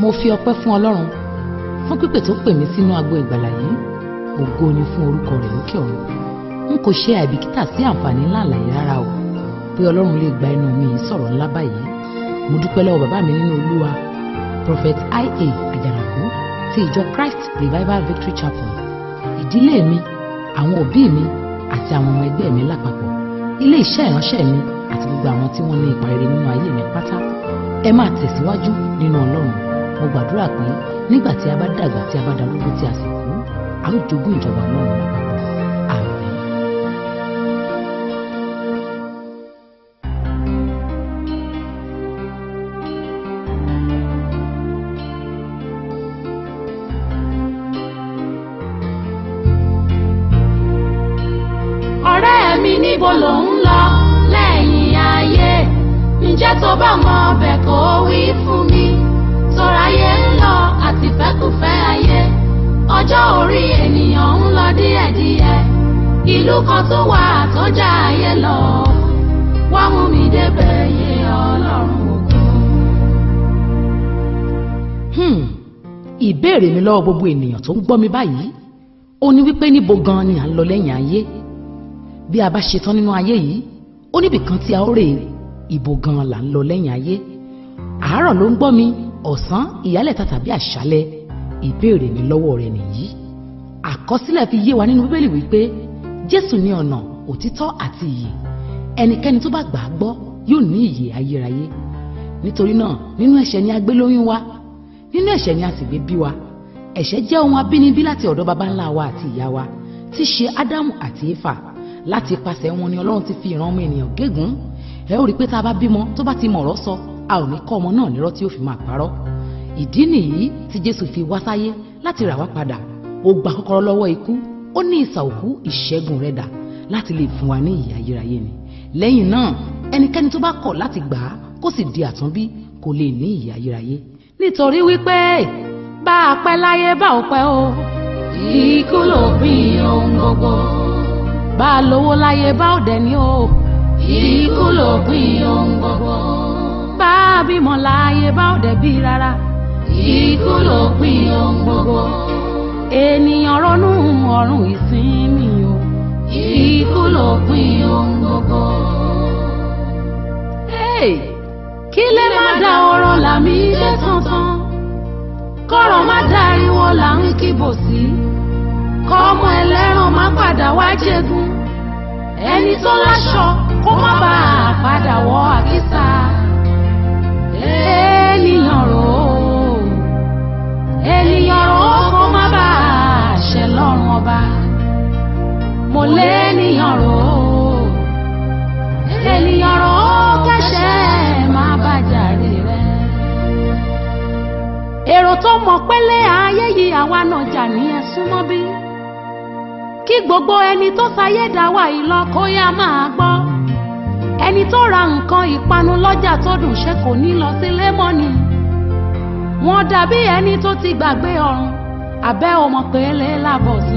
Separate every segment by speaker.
Speaker 1: mo fi
Speaker 2: ọpẹ́ fún ọlọ́run fún pípè tó pè mí sínú agbo ìgbàlà yìí ògo ni fún orúkọ rẹ̀ lókè ọ̀run n kò ṣe àìbìkítà sí àǹfààní ńlá àlàyé rárá o pé ọlọ́run lè gba ẹnu mi yìí ńlá báyìí mo dúpẹ́ lọ́wọ́ bàbá mi nínú olúwa prophet ia àjànàkú ti ìjọ christ revival victory chapel ìdílé mi àwọn òbí mi àti àwọn ọmọ ẹgbẹ́ mi lápapọ̀ ilé iṣẹ́ ìránṣẹ́ mi àti gbogbo àwọn tí wọ́n ní ipa rere nínú ayé mi pátá ẹ máa tẹ̀síwájú nínú ọlọ́run mo gbàdúrà pé nígbà tí a bá dàgbà tí a bá darúgbó tí a sì kú a ó jogún ìjọba náà lápapọ̀ àmín.
Speaker 3: ọ̀rẹ́ mi níbo lò ń lọ lẹ́yìn ayé ǹjẹ́ tó bá mọ. ìlú kan tó wà tọ́jà ayé lọ wá mú mi débẹ̀ yé ọlọ́run òkun. Hmm.
Speaker 2: ìbéèrè mi lọ́wọ́ gbogbo ènìyàn tó ń gbọ́ mi báyìí ó ní wípé níbo gan-an ni à ń lọ lẹ́yìn ayé bí a bá ṣetán nínú ayé yìí ó níbì kan tí a ó rè ibo gan-an là ń lọ lẹ́yìn ayé àárọ̀ ló ń gbọ́ mi ọ̀sán ìyálẹ̀ta tàbí àṣálẹ́ ìbéèrè mi lọ́wọ́ rẹ nìyí àkọsílẹ̀ fi yé wa nínú bíbélì wípé jésù ni ọ̀nà òtítọ́ àti ìyè ẹnikẹ́ni tó bá gbà á gbọ́ yóò ní ìyè ayérayé nítorí náà nínú ẹ̀ṣẹ̀ ni a gbé lóyún wa nínú ẹ̀ṣẹ̀ ni a sì gbé bí wa ẹ̀ṣẹ̀ jẹ́ ohun abínibí láti ọ̀dọ̀ baba ńlá wa àti ìyá wa tí ṣe ádámù àti éfà láti ipasẹ̀ wọn ni ọlọ́run ti fi ìran ọmọ ènìyàn gégùn ẹ ó rí i pé tá a bá bímọ tó bá ti mọ̀rọ̀ sọ a ò ní kọ́ ọmọ náà nírọ́ tí ó fi máa parọ́ ìdí nìyí tí jésù fi wá sáyé láti rà wá padà ó gba kọ́kọ́rọ́ lọ́wọ́ ikú ó ní ìsà òkú ìṣẹ́gun rẹ̀ dà láti lè fún wa ní ìyè ayérayé ni lẹ́yìn náà ẹnikẹ́ni tó bá kọ̀ láti gbà á kó sì di àtúnbí kò lè ní ìyè nítorí
Speaker 3: wípé bá a pẹ́ láyé bá ò pẹ́ o ikú ló bí ohun gbogbo bá a lówó láyé bá ò dẹ̀ ní o
Speaker 1: ikú ló bí ohun
Speaker 3: gbogbo bá a bímọ láyé bá ò bí rárá ikú ló bí ohun gbogbo ènìyàn ronú ọ̀run ìsinmi o ikú lópin ohun gbogbo. kí lè má da ọ̀rọ̀ làmì dé tán-tán kọ́rọ̀ má dariwo là ń kíbò sí kọ́mọ ẹlẹ́ran má padà wá jẹ́gun ẹni tó láṣọ kó má bàa padà wọ àkísà ènìyàn rò ó lẹ́nìyàn rò ó lẹ́nìyàn rò ó kẹ́sẹ̀ má bàjá rí rẹ̀. èrò tó mọ̀ pẹ́lẹ́ ayé yìí àwa náà jà ní ẹ̀sùn mọ́ bí kí gbogbo ẹni tó sayé dá wà yìí lọ kó yá máa gbọ́ ẹni tó ra nǹkan ìpanu lọ́jà tó dùn ṣe kò ní lọ sílé mọ́ ni wọ́n dàbí ẹni tó ti gbàgbé ọ̀run àbẹ́ ọmọ pé lè sí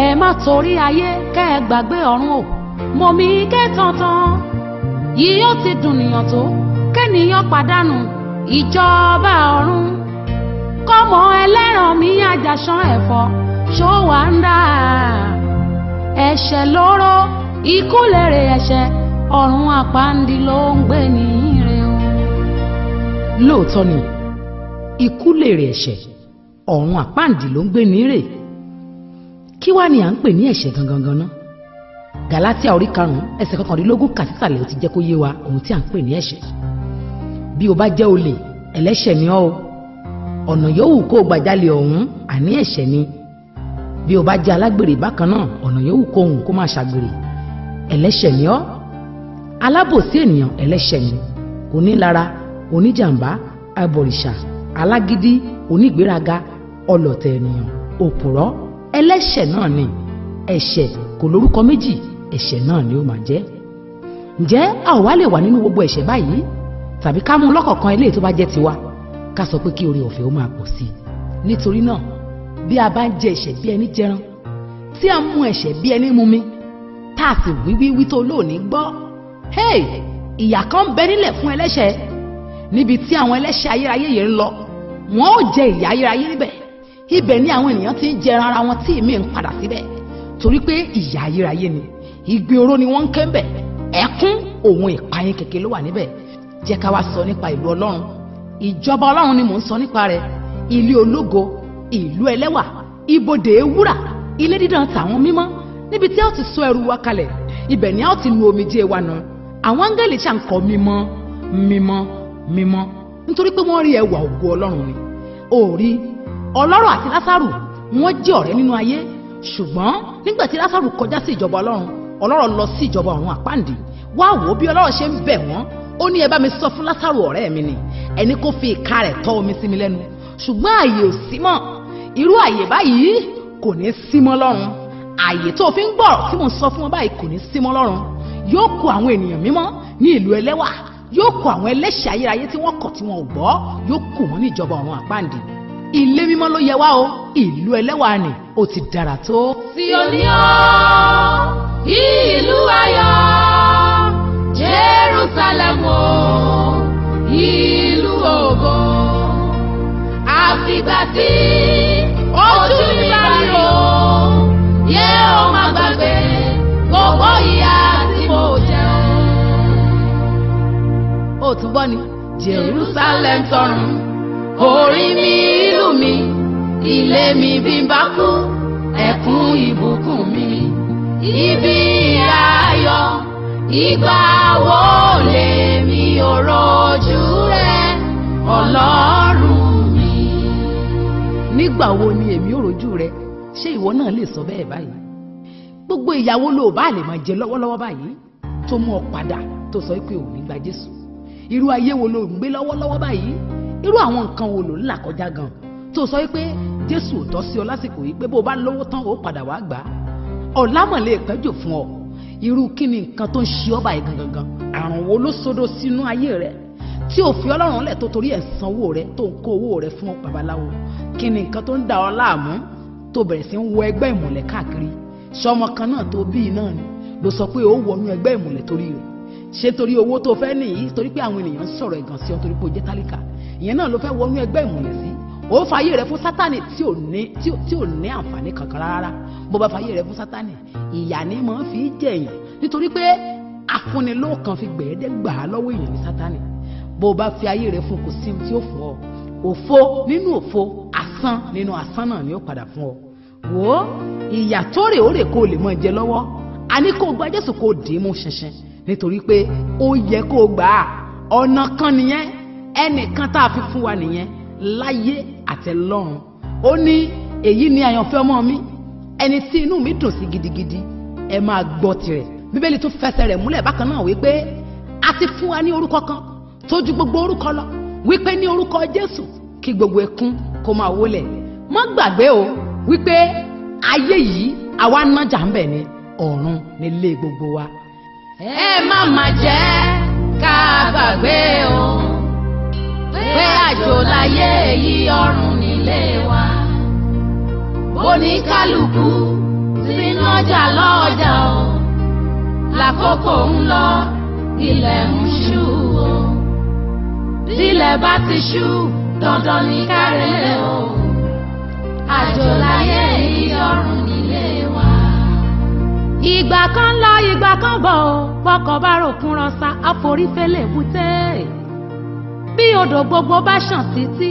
Speaker 3: ẹ má torí ayé kẹ́ ẹ gbàgbé ọ̀run o mọ̀mí ké tantan yìí yóò ti dùnìyàn tó kẹ́nìyàn pàdánù ìjọba ọ̀run kọ́mọ ẹlẹ́ran mi àjàṣán ẹ̀fọ́ ṣó ẹ̀ṣẹ̀ lóró ikú lèrè ẹ̀ṣẹ̀ ọ̀run àpáǹdì ló ń gbé nìyí rẹ o.
Speaker 2: lóòótọ́ ni ikú lèrè ẹ̀ṣẹ̀ ọ̀run àpáǹdì ló ń gbé nìyí rẹ̀ kí wàá ni à ń pè ní ẹ̀ṣẹ̀ gangan ganan gàlátíà orí karùnún ẹsẹ̀ kọkànlélógún kà sísàlẹ̀ ó ti jẹ́ kó yé wa ohun tí à ń pè ní ẹ̀ṣẹ̀ bí o bá jẹ́ olè ẹlẹ́ṣẹ̀ ni ọ́ o ọ̀nà yòówù kó o gbàjálè ọ̀hún àní ẹ̀ṣẹ̀ ni bí o bá jẹ́ alágbèrè bákan náà ọ̀nà yòówù kó ohun kó máa ṣàgbèrè ẹlẹ́ṣẹ̀ ni ọ́ alábòsí ènìyàn ẹlẹ́ṣẹ̀ ni onílara oníjàmbá abọ̀rìṣà alágídí onígbéraga ọlọ̀tẹ̀ ènìyàn òpùrọ́ ẹlẹ́ṣẹ̀ náà ni ẹ̀ṣẹ̀ kò lórúkọ méjì ẹ̀ṣẹ̀ náà ni ó máa jẹ́ ǹjẹ́ a ò wá lè wà nínú gbogbo ẹ̀ṣẹ̀ báyìí tàbí ká mú lọ́kọ̀ọ̀kan eléyìí tó bá jẹ́ tiwa ká sọ pé kí oore ọ̀fẹ́ ó máa pọ̀ sí i nítorí náà bí a bá ń jẹ ẹ̀ṣẹ̀ bí ẹni jẹran tí a mú ẹ̀ṣẹ̀ bí ẹni mumi tá a sì wí wíwí tó lóòní gbọ́ hey ìyà kan bẹ nílẹ̀ fún ẹlẹ́ṣẹ̀ níbi tí àwọn ẹlẹ́ṣẹ̀ ayérayé yìí ń lọ wọn ò jẹ ìyà ayérayé níbẹ̀ ibẹ̀ ni àwọn ènìyàn ti ń jẹran ara wọn tí èmi ń padà síbẹ̀ torí pé ìyà ayérayé ni ìgbé oró ni wọ́n ń ké bẹ̀ ẹkún òun ìpayín kèké ló wà níbẹ̀ jẹ́ ká wá sọ nípa ìlú ọlọ́run ìjọba ọlọ́run ni mò ń sọ nípa rẹ̀ ilé ológo ìlú ẹlẹ́wà ibodè ewúrà ilé dídán tàwọn mímọ́ níbi tí a ti sọ ẹrù wa kalẹ̀ ibẹ̀ ni a ti nu omijé wa nù àwọn áńgẹ́lì ṣàǹkọ́ mímọ́ mímọ́ mímọ́ nítorí pé wọ́n rí ẹwà ògo ọlọ́run ni òòrí ọlọ́rọ̀ àti lásàrù wọ́n jẹ́ ọ̀rẹ́ nínú ayé ṣùgbọ́n nígbà tí lásàrù kọjá sí ìjọba ọlọ́run ọlọ́rọ̀ lọ sí ìjọba ọ̀run àpáǹdì wá wò ó bí ọlọ́rọ̀ ṣe ń bẹ̀ wọ́n ó ní ẹ bá mi sọ fún lásàrù ọ̀rẹ́ mi ni ẹni kó fi ìka rẹ̀ tọ́ omi sí mi lẹ́nu ṣùgbọ́n àyè ò sí mọ́ irú àyè báyìí kò ní sí mọ́ lọ́run àyè tó fi ń gbọ́ tí mò sọ fún ọ báyìí kò ní sí mọ́ lọ́run yóò kó àwọn ènìyàn mímọ́ ní ìlú ẹlẹ́wà yóò kó àwọn ẹlẹ́ṣẹ̀ ayérayé tí wọ́n kọ̀ tí wọn ò gbọ́ yóò kó wọn ní ìjọba ọ̀run àpáǹdì ilé mímọ́ ló yẹ wá o ìlú ẹlẹ́wà ni ó ti dára tó. Síónì o
Speaker 3: ìlú ayọ̀ Jerúsálẹ́mù o ìlú ògo àfìgbà tí ojú mi bá rí o yẹ o má gbàgbé
Speaker 1: gbogbo ìyà tí
Speaker 3: mo jẹ o.
Speaker 2: ó tún gbọ́ ni Jerusalem tọrùn
Speaker 3: orí mi ìlú mi ilé mi bí n bá kú ẹkún ìbùkún mi ibi ayọ̀
Speaker 1: igba wo lèmi ò
Speaker 3: rojú rẹ ọlọ́run
Speaker 2: mi. nígbà wo ni èmi ò rojú rẹ ṣé ìwọ náà lè sọ bẹ́ẹ̀ báyìí gbogbo ìyàwó ló bá lè máa jẹ lọ́wọ́lọ́wọ́ báyìí tó mú ọ padà tó sọ pé ò ní gba Jésù irú ayé wo ló ń gbé lọ́wọ́lọ́wọ́ báyìí irú àwọn nǹkan wo ló ń là kọjá gan tó sọ wípé jésù ò tọ́ sí ọ lásìkò yìí pé bó o bá lówó tán ó padà wá gbà á ọ̀làmọ̀lẹ́ ìpẹ́jọ fún ọ irú kí ni nǹkan tó ń ṣe ọ báyìí gangan gan àrùn wo ló sodo sínú ayé rẹ tí òfin ọlọ́run lẹ̀ tó torí ẹ̀ sanwó rẹ tó ń kó owó rẹ fún babaláwo kí ni nǹkan tó ń da ọ láàmú tó bẹ̀rẹ̀ sí ń wọ ẹgbẹ́ ìmùlẹ̀ káàkiri ṣọmọ kan náà tó bíi náà ni ló sọ pé ó wọnú ẹgbẹ́ ìmùlẹ̀ torí rẹ ṣé torí owó tó fẹ́ nìyí torí pé àwọn ènìyàn ń sọ̀rọ̀ ẹ̀gàn sí ọ torí pé ó jẹ́ tálíkà ìyẹn náà ló fẹ́ wọnú ẹgbẹ́ ìmùlẹ̀ sí ó fa ayé rẹ fún sátani tí ò ní tí ò ní àǹfààní kankan rárá bó bá fa ayé rẹ fún sátani ìyà ni mo fi jẹyàn nítorí pé afúnilóòkan fi gbẹ̀ẹ́dẹ́ gbà á lọ́wọ́ èèyàn ní sátani bó bá fi ayé rẹ fún kò sí tí ó fún ọ òfo nínú òfo asán nínú asán náà ni ó padà fún ọ wò ó ìyà tó rè ó rè kó lè mọ jẹ lọ́wọ́ a ní kó o gba Jésù kó o dì í mú ṣinṣin nítorí pé ó yẹ kó o gbà á ọ̀nà kan nìyẹn ẹnìkan tá a fi fún wa nìyẹn láyé àtẹlọ́run ó ní èyí ni àyànfẹ́ ọmọ mi ẹni tí inú mi dùn sí gidigidi ẹ máa gbọ́ tirẹ̀ bíbélì tún fẹsẹ̀ rẹ̀ múlẹ̀ bákan náà wípé a ti fún wa ní orúkọ kan tó ju gbogbo orúkọ lọ wípé ní orúkọ Jésù kí gbogbo ẹkún kó máa wólẹ̀ má gbàgbé o wípé ayé yìí àwa nájà ń bẹ̀ ni ọ̀run nílé gbogbo wa.
Speaker 1: ẹ má má jẹ́
Speaker 3: ká gbàgbé o pé àjò láyé èyí ọ̀run nílé wa oníkálukú ti ń nájà lọ́jà o làkókò ń lọ ilẹ̀ ń ṣú o tílẹ̀ bá ti ṣú
Speaker 1: dandan ní kárẹ̀ o àjò láyé èyí ọ̀run nílé
Speaker 3: wa. ìgbà kan lọ ìgbà kan bọ̀ ọ́ pọkàn bá ròkun rọ̀ṣà àforífẹ́lẹ̀ bùtẹ́ẹ̀ bí odò gbogbo bá ṣàn títí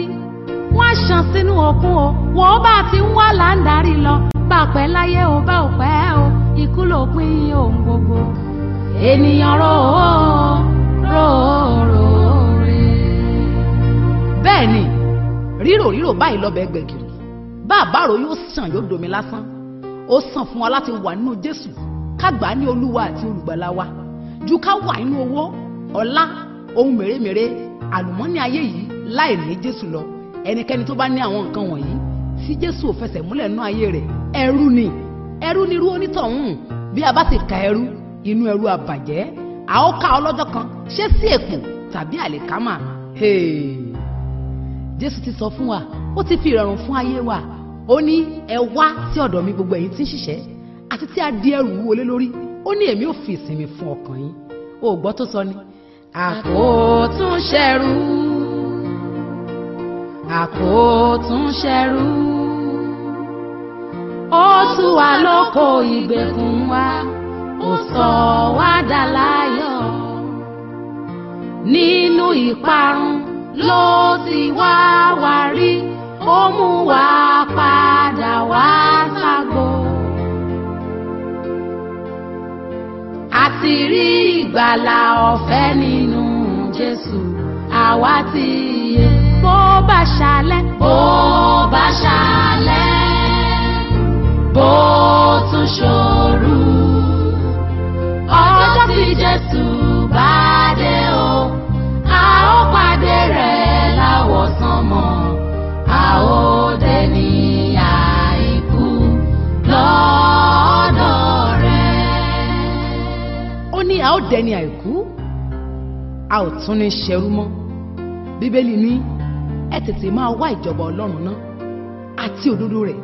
Speaker 3: wọ́n á ṣàn sínú òkun o wọ́n bá ti ń wá là lọ bá pẹ́ láyé o bá ò pẹ́ o ikú ló pín ohun gbogbo ènìyàn ro ó ro ó rò ó rè. bẹ́ẹ̀ ni
Speaker 2: rírò rírò báyìí lọ́bẹ̀ gbẹ̀gìrì bá àbárò yóò ṣàn yóò domi lásán ó sàn fún wa láti wà nínú Jésù ká ní Olúwa àti olùgbàlà wa ju ká wà nínú owó ọlá ohun mèremère àlùmọ́nì ayé yìí láì ní jésù lọ ẹnikẹ́ni tó bá ní àwọn nǹkan wọ̀nyí tí jésù ò fẹsẹ̀ múlẹ̀ nú ayé rẹ̀ ẹrú ni ẹrú ni irú onítọ̀hún bí a bá sì ka ẹrú inú ẹrú àbàjẹ́ a ó ká ọlọ́jọ́ kan ṣé sí èpò tàbí àlìkámà jésù ti sọ fún wa ó ti fi ìrọ̀rùn fún ayé wa ó ní ẹ wá sí ọ̀dọ̀ mi gbogbo ẹ̀yin tí ń ṣiṣẹ́ àti tí a di ẹrù wọlé lórí ó ní èmi ò fi ìsinmi fún ọkàn yín o tó
Speaker 3: sọ ni àkótúnṣẹrú àkótúnṣẹrú ó tú wa lóko ìgbèkùn wa ó sọ wá dà láyọ̀ nínú ìparun ló ti wá wa rí ó mú wa padà wá ságbó àti rí i ìgbàlà ọ̀fẹ́ nínú Jésù àwa ti yè bó bá ṣalẹ̀. bó bá ṣalẹ̀ bó tún ṣòro. dẹni àìkú
Speaker 2: a ò tún ní ṣerú mọ́ bíbélì ní ẹ tètè máa wá ìjọba ọlọ́run náà àti òdodo rẹ̀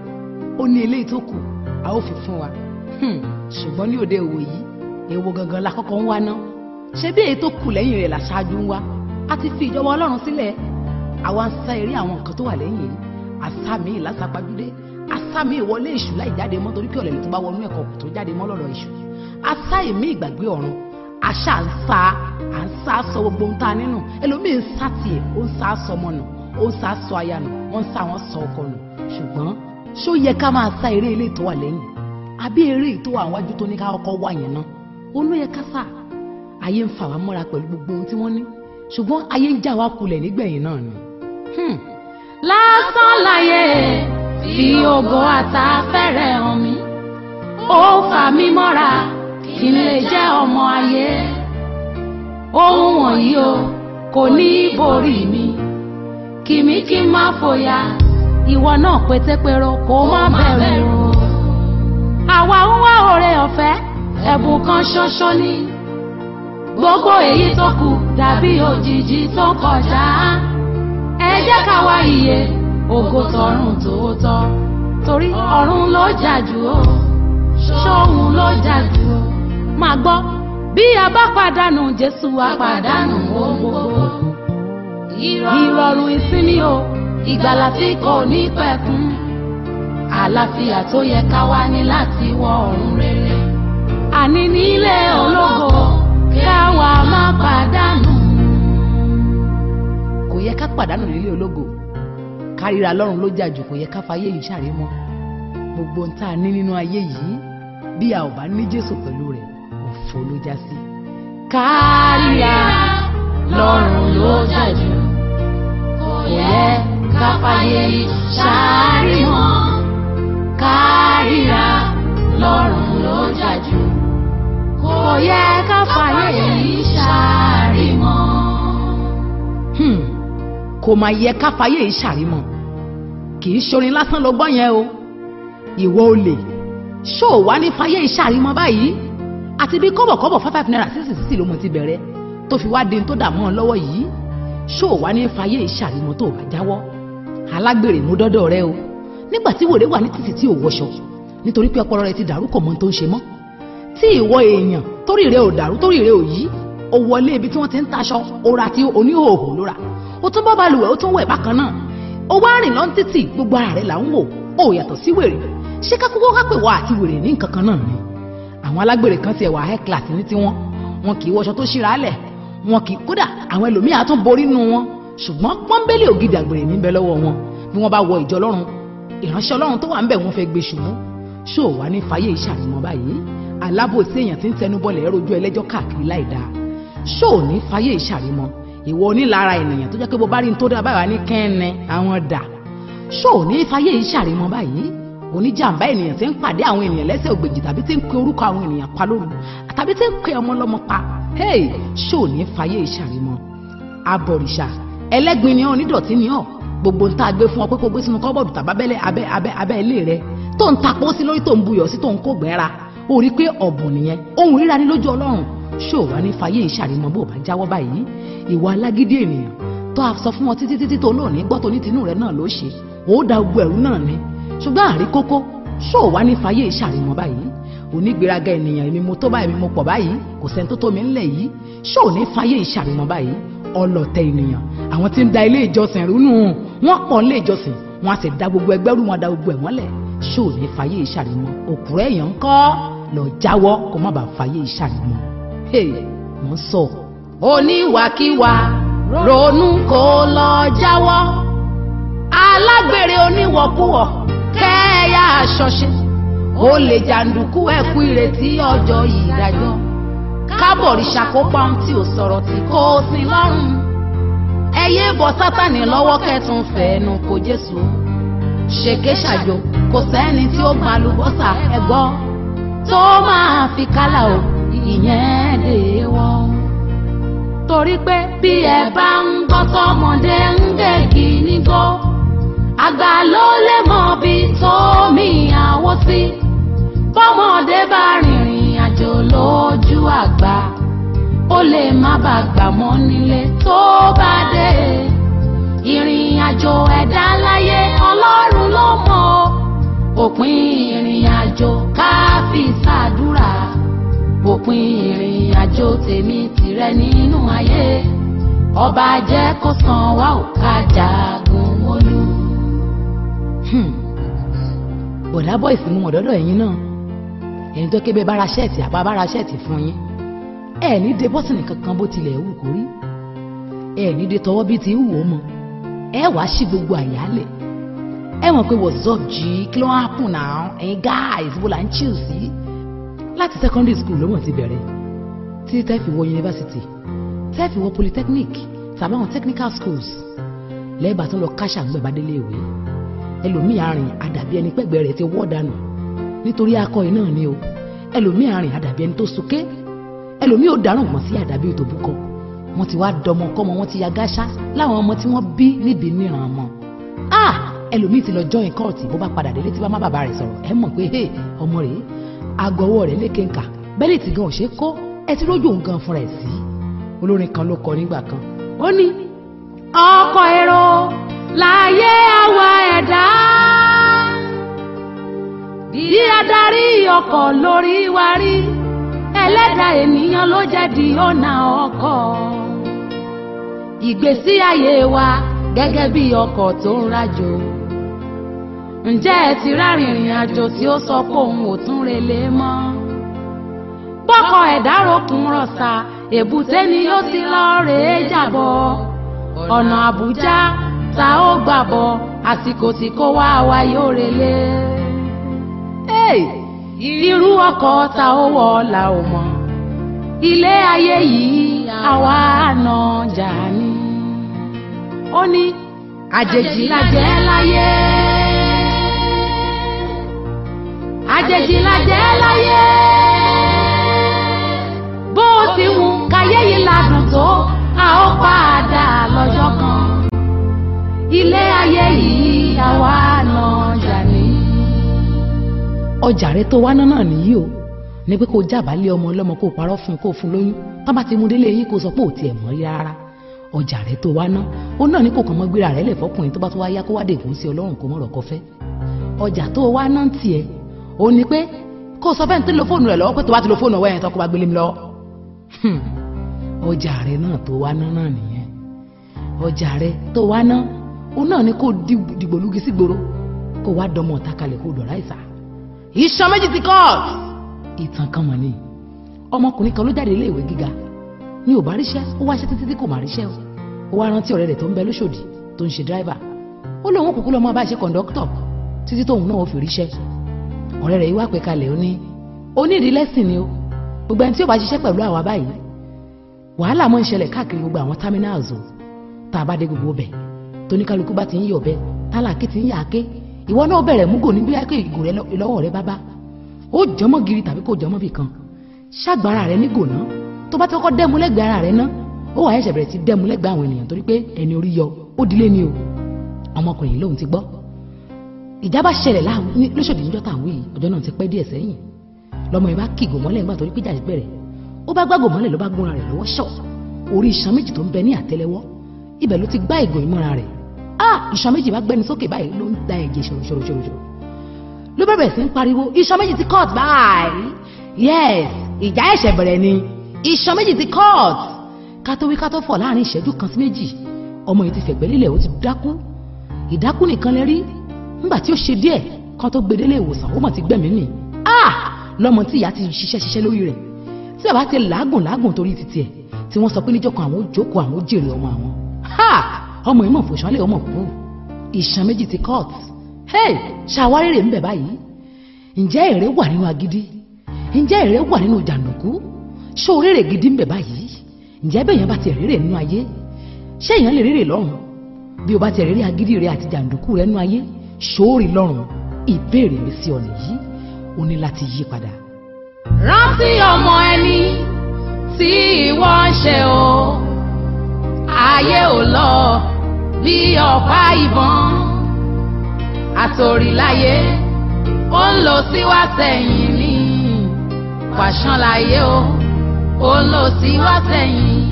Speaker 2: ó ní eléyìí tó kù a ó fi fún wa hmm, ṣùgbọ́n ní òde òwò yìí èwo gangan la kọ́kọ́ ń wá ná ṣé bí èyí tó kù lẹ́yìn rẹ̀ làṣáájú ń wá a ti fi ìjọba ọlọ́run sílẹ̀ àwa ń sá eré àwọn nǹkan tó wà lẹ́yìn yìí àṣà mi ìlàsàpájúdé àṣà mi ìwọlé èṣù láì jáde mọ́ torí pé ọ̀lẹ́ni tó bá wọnú ẹ̀kọ́ tó jáde mọ́ lọ́rọ̀ èṣù àṣà ń sá à ń sá sọ gbogbo ń ta nínú ẹlòmíì ń sá tiẹ̀ ó ń sá sọmọ nù ó ń sá sọ aya nù wọ́n ń sá wọn sọ ọkọ nù ṣùgbọ́n ṣó yẹ ká máa sá eré ilé tó wà lẹ́yìn àbí eré tó wà wájú tó ní ká ọkọ wà yẹn náà ó ló yẹ ká sá ayé ń fà wá mọ́ra pẹ̀lú gbogbo ohun tí wọ́n ní ṣùgbọ́n ayé ń já wa kulẹ̀ nígbẹ̀yìn náà ni. Hmm.
Speaker 3: lásán láyé tí ògo àtàfẹ́rẹ̀ hàn mí ó fà mí mọ́ra kí n lè jẹ́ ọmọ ayé ohun wọ̀nyí o kò ní í borí mi
Speaker 1: kìmí kí n má fòyà
Speaker 3: ìwọ náà pétépérò kó má bẹ̀rù o àwa ń wá oore ọ̀fẹ́ ẹ̀bùn kan ṣoṣo ni gbogbo èyí tó kù dàbí òjìji tó kọjá ẹ jẹ́ ká wá iye ògo tọ̀run tòótọ́ torí ọ̀run ló jà jù ó ṣóhun ló jà jù ó máa gbọ́ bí a bá pàdánù Jésù a pàdánù ohun gbogbo ìrọ̀rùn ìsinmi o ìgbàlà tí kò ní pẹ̀kun àlàáfíà tó yẹ ká wá ní láti wọ ọ̀run rere àní nílé ológo kí àwa má pàdánù.
Speaker 2: kò yẹ ká pàdánù nílé ológo kárìíra lọ́run ló jàjù kò yẹ ká fayé yìí ṣàrímọ́ gbogbo ohun tá ní nínú ayé yìí bí a ò bá ní Jésù pẹ̀lú rẹ̀ òfò ló já sí.
Speaker 3: káríà lọ́rùn ló jà jù kò yẹ kápáyé ṣáárí mọ́ káríà
Speaker 1: lọ́rùn ló jà jù kò yẹ kápáyé ṣáárí
Speaker 2: mọ́. Hmm, kò mà yẹ káfáyé ṣáárí mọ́ kì í ṣorin lásán ló gbọ́ yẹn o ìwọ olè ṣó o wá ní fáyé ìṣàrímọ́ báyìí àti bí kọ́bọ̀kọ́bọ̀ five five naira sísì sísì ló mo ti bẹ̀rẹ̀ tó fi wá dé tó dààmú ọ lọ́wọ́ yìí ṣó wá ní fàyè ìṣàlímọ́ tó bá jáwọ́ alágbèrè mú dọ́dọ̀ rẹ o nígbà tí wèrè wà ní títì tí ò wọṣọ nítorí pé ọpọlọ rẹ ti dàrú kò mọ tó ń ṣe mọ́ tí ìwọ èèyàn torí rẹ ò dàrú torí rẹ ò yí o wọlé ibi tí wọ́n ti ń taṣọ ora tí oníhòòhò lóra o tún bá balùwẹ̀ o tún wẹ̀ bákan náà o wá rìn lọ títì gbogbo ara rẹ là ń wò o yàtọ̀ sí wèrè ṣé kákókó kápẹ̀wọ̀ àti wèrè ní nǹkan kan náà ni àwọn alágbèrè kan tiẹ̀ wà high class ní tiwọn wọn kì í wọṣọ tó ṣíra lẹ̀ wọn kì í kódà àwọn ẹlòmíà tún borí nù wọn ṣùgbọ́n pọ́ńbélé ògidì àgbèrè mi ń bẹ lọ́wọ́ wọn bí wọ́n bá wọ ìjọ ọlọ́run ìránṣẹ́ ọlọ́run tó wà ń bẹ̀ wọ́n fẹ́ gbé ṣùgbọ́n ṣó wà ní fàyè ìṣàmìmọ́ báyìí alábòsí èèyàn tí ń tẹnubọlẹ̀ rojú ẹlẹ́jọ́ káàkiri láì dáa ṣó ní fàyè ìṣàmìmọ́ ìwọ onílara ènìyàn tó jẹ́ pé bó bá rí ní tó dáa báyìí wà ní kẹ́ẹ̀nẹ́ àwọn dà ṣó ní fàyè ìṣàmìmọ́ báyìí oníjàmbá ènìyàn tí ń pàdé àwọn ènìyàn lẹ́sẹ̀ ògbèjì tàbí tí ń pe orúkọ àwọn ènìyàn pa lóru tàbí tí ń pe ọmọ lọ́mọ pa hey ṣó ní fàyè ìṣàrímọ abọ̀rìṣà ẹlẹ́gbin ni ọ́ onídọ̀tí ni ọ́ gbogbo ń tá a gbé fún ọ pé kó gbé sínú kọ́bọ̀dù tàbá abẹ́lẹ̀ abẹ́ abẹ́ abẹ́ ilé rẹ tó ń tapọ́ sí lórí tó ń buyọ̀ sí tó ń kó gbẹ́ra ó rí pé ọ̀bùn nìyẹn ohun ríra ni lójú ọlọ́run ṣó wá ní fàyè ìṣàrímọ bó bá jáwọ́ báyìí ìwà alágídí ènìyàn tó a sọ fún ọ títí títí tó náà gbọ́ tó ní tinú rẹ náà ló ṣe ó da gbogbo náà ni ṣùgbọ́n àríkókó ṣó wà ní fàyè ìṣàrìmọ́ báyìí onígbéraga ènìyàn èmi mo tó báyìí mo pọ̀ báyìí kò sẹ́ni tó tó mi ńlẹ̀ yìí ṣó ní fàyè ìṣàrìmọ́ báyìí ọlọ̀tẹ̀ ènìyàn àwọn tí ń da ilé ìjọsìn rúnú wọn pọ̀ nílé ìjọsìn wọn a sì da gbogbo ẹgbẹ́ rú wọn da gbogbo ẹ̀ mọ́lẹ̀ ṣó ní fàyè ìṣàrìmọ́ òkúrẹ́ èèyàn ńkọ́ lọ jáwọ́ kó má bàa fàyè ìṣàrìmọ́ mò ń sọ. kẹ́ẹ̀yà àṣọṣe olè jàǹdùkú ẹ̀kú ìrètí ọjọ́ ìdájọ́ kábọ̀rìṣà kó pa ohun tí ò sọ̀rọ̀ tí kò sí lọ́rùn ẹ yé sátani lọ́wọ́ kẹtùn fẹ̀ẹ́nu kò jésù ṣèké ṣàjò kò sẹ́ni tí ó gba
Speaker 3: tó máa fi kálà ìyẹn dé torí pé bí ẹ bá ń gbọ́ ń àgbà ló lè omi àwọ̀ sí bọ́mọdé bá rìnrìn àjò lójú àgbà ó lè má bàa gbà mọ́ nílé tó bá dé ìrìn àjò ẹ̀dá láyé ọlọ́run ló mọ òpin ìrìn àjò ká fi ṣàdúrà òpin ìrìn àjò tèmi tìrẹ nínú ayé ọba jẹ́ kó san wá ò ká olú.
Speaker 2: Hmm bọ̀dá bọ́ìsì mú ọ̀dọ́dọ̀ ẹ̀yin náà ẹ̀yin tó kébé bára ṣẹ́ẹ̀tì àbá bára ṣẹ́ẹ̀tì fún yín ẹ̀ ní de bọ́sìnì kankan bó tilẹ̀ wù kó rí ẹ̀ ní de tọwọ́ bíi ti ń wò ó mọ ẹ̀ wá sí gbogbo àyálẹ̀ ẹ̀ wọ́n pé wọ́sọ̀p jí kí ló ń hàpùn náà ẹ̀yin guys bó la ń chill sí láti secondary school ló wọ́n ti bẹ̀rẹ̀ títí tẹ́ fi wọ university tẹ́ fi wọ polytechnic tàbáwọn technical schools lẹ́ẹ̀bà tó lọ káṣà ń gbẹ̀bá délé ìwé ẹlòmíì arìn àdàbí ẹni pẹ́gbẹ́ rẹ̀ ti wọ́ dànù nítorí akọ iná ni o ẹlòmíì arìn àdàbí ẹni tó sunké ẹlòmíì ò dáràn mọ́ sí àdàbí tòbúkọ wọn ti wá dọmọ kọmọ wọn ti ya gáṣá láwọn ọmọ tí wọn bí níbi níran ọmọ ah ẹlòmíì ti lọ join court bó bá padà délé tí bá má bàbá rẹ̀ sọ̀rọ̀ ẹ mọ̀ pé hey ọmọ rẹ̀ agọwọ́ rẹ̀ lékè ńkà bẹ́lẹ̀ tí gan ò ṣe kó ẹ ti rójú òun gan fúnra ẹ̀ sí olórin kan ló kọ nígbà kan ó ní
Speaker 3: ọkọ̀ èrò
Speaker 2: láyé àwa ẹ̀dá
Speaker 3: bí adarí ọkọ̀ lórí wa rí ẹlẹ́dàá ènìyàn ló jẹ́ di ọ̀nà ọkọ̀ ìgbésí ayé wa gẹ́gẹ́ bí ọkọ̀ tó ń rajò ǹjẹ́ ẹ ti rárìnrìn àjò tí ó sọ pé òun ò tún relé mọ́ bọ́kọ̀ ẹ̀dá lọ rèé jàbọ̀ ọ̀nà Àbújá ta ó gbàbọ̀ àsìkò tí wá irú ọkọ̀ ta ó wọ̀ la ò mọ̀ ilé ayé yìí àwa àna jà ní. ó ní àjèjì la jẹ́ láyé. àjèjì la láyé. bó o ti wù káyé yìí ládùn tó a ó padà lọ́jọ́ kan.
Speaker 2: ilé ayé yìí àwa àna ọjà rẹ tó wá náà náà nìyí o ní pé kó jábàálẹ̀ ọmọ ọlọ́mọ kó parọ́ fún kó fún lóyún tó bá ti mú délé yín kó sọ pé ò tiẹ̀ mọ́ rárá ọjà rẹ tó wá náà ó náà ní kò kàn mọ́ gbéra rẹ lẹ̀ fọkùnrin tó bá tó wá yá kó wá dègùn sí ọlọ́run kó mọ̀rọ̀ kọfẹ́ ọjà tó wá náà tiẹ̀ ó ní pé kó sọ fẹ́ni tó lo fóònù rẹ̀ lọ́wọ́ pé tó bá ti lo fóònù ọwọ́ yẹn tó kó bá gbélé mi lọ. Hmm. ọjà rẹ náà tó wá náà náà nìyẹn ọjà rẹ tó wá náà ó náà ní iṣan méjì ti court. ìtàn kan mọ̀ ni ọmọkùnrin kan ló jáde ilé ìwé gíga ní ò bá ríṣẹ́ ó wáṣẹ́ títí tí kò má ríṣẹ́ ó wá rántí ọ̀rẹ́ rẹ̀ tó ń bẹ lóṣòdì tó ń ṣe dráìvà ó lóun kúkú lọ́mọ abáṣe kọ̀ǹdọ́kítọ̀ títí tóun náà ó fi ríṣẹ́ ọ̀rẹ́ rẹ̀ yìí wá kalẹ̀ ó ní onídìí lẹ́sìn ni ó gbogbo ẹni tí ó bá ṣiṣẹ́ pẹ̀lú àwa báyìí wàhálà mọ́ ń ṣẹlẹ̀ káàkiri gbogbo àwọn terminals o tá a bá dé gbogbo bẹ̀ tóníkálukú bá ti ń yọ̀ bẹ́ tálákì ti ń yà á ké ìwọ náà bẹ̀rẹ̀ múgò níbi ayé ìgò rẹ lọ́wọ́ rẹ bábá ó jọmọ́ giri tàbí kò jọmọ́ bìkan ṣàgbára rẹ nígò náà tó bá ti kọ́kọ́ dẹ́mu lẹ́gbẹ̀ẹ́ ara rẹ náà ó wà ẹ̀ṣẹ̀ bẹ̀rẹ̀ sí dẹ́mu lẹ́gbẹ̀ẹ́ àwọn ènìyàn torí pé ẹni orí yọ ó dilé ni o ọmọkùnrin yìí lòun ti gbọ́ ìjábá ṣẹlẹ̀ lóṣòdì níjọ́ tàwọn yìí ọjọ́ náà ti pẹ́ díẹ̀ sẹ́yìn lọmọ yìí bá kígò mọ́lẹ̀ nígbà torí pé ìjà bẹ̀rẹ̀ ó bá gbàgò mọ́lẹ̀ ló bá gúnra rẹ̀ lọ́wọ́ ṣọ̀ orí iṣan méjì tó ń bẹ ní àtẹ́lẹwọ́ ibẹ̀ ló ti gbá ìgò ìmọ́ra rẹ̀ ah iṣan méjì bá gbẹni sókè báyìí ló ń da ẹ̀jẹ̀ ṣòro ṣòro ṣòro ló bẹ̀rẹ̀ sí ń pariwo iṣan méjì ti cut báyìí yes ìjà ẹ̀ṣẹ̀ bẹ̀rẹ̀ ni iṣan méjì ti cut kátó wí kátó fọ̀ láàrin ìṣẹ́jú kan sí méjì ọmọ yìí ti fẹ̀gbẹ́ lílẹ̀ ó ti dákú ìdákú nìkan lè rí nígbà tí ó ṣe díẹ̀ kan tó gbedele ìwòsàn ó mọ̀ ti gbẹ̀mí nì ah lọ́mọ tí ìyá ti ṣiṣẹ́ ṣiṣẹ́ lórí rẹ̀ tí bàbá ti làágùn làágùn torí titi ẹ̀ tí wọ́n sọ pé níjọ́ kan àwọn ó jókòó àwọn ó jèrè ọmọ àwọn ha ọmọ yìí mọ̀ fò ìṣánlẹ̀ ọmọ òkú ìṣàn méjì ti court hey ṣàwárí rè ń bẹ̀ báyìí ǹjẹ́ èrè wà nínú agídí ǹjẹ́ èrè wà nínú jàǹdùkú ṣé orérè gidi ń bẹ̀ báyìí ǹjẹ́ bẹ́ẹ̀ yẹn bá ti rèrè nínú ayé ṣé èèyàn lè rèrè lọ́run bí o bá ti rèrè agídí rẹ àti jàǹdùkú rẹ nínú ayé ṣòórì lọ́run ìbéèrè mi sí ọ nìyí o ní láti yí padà.
Speaker 3: rántí ọmọ ẹni tí ìwọ ń ṣe o ayé ò lọ bí ọ̀pá ìbọn àtòrìláyé ó ń lọ sí wá sẹ́yìn ní pàṣánláyé o ó ń lọ sí wá sẹ́yìn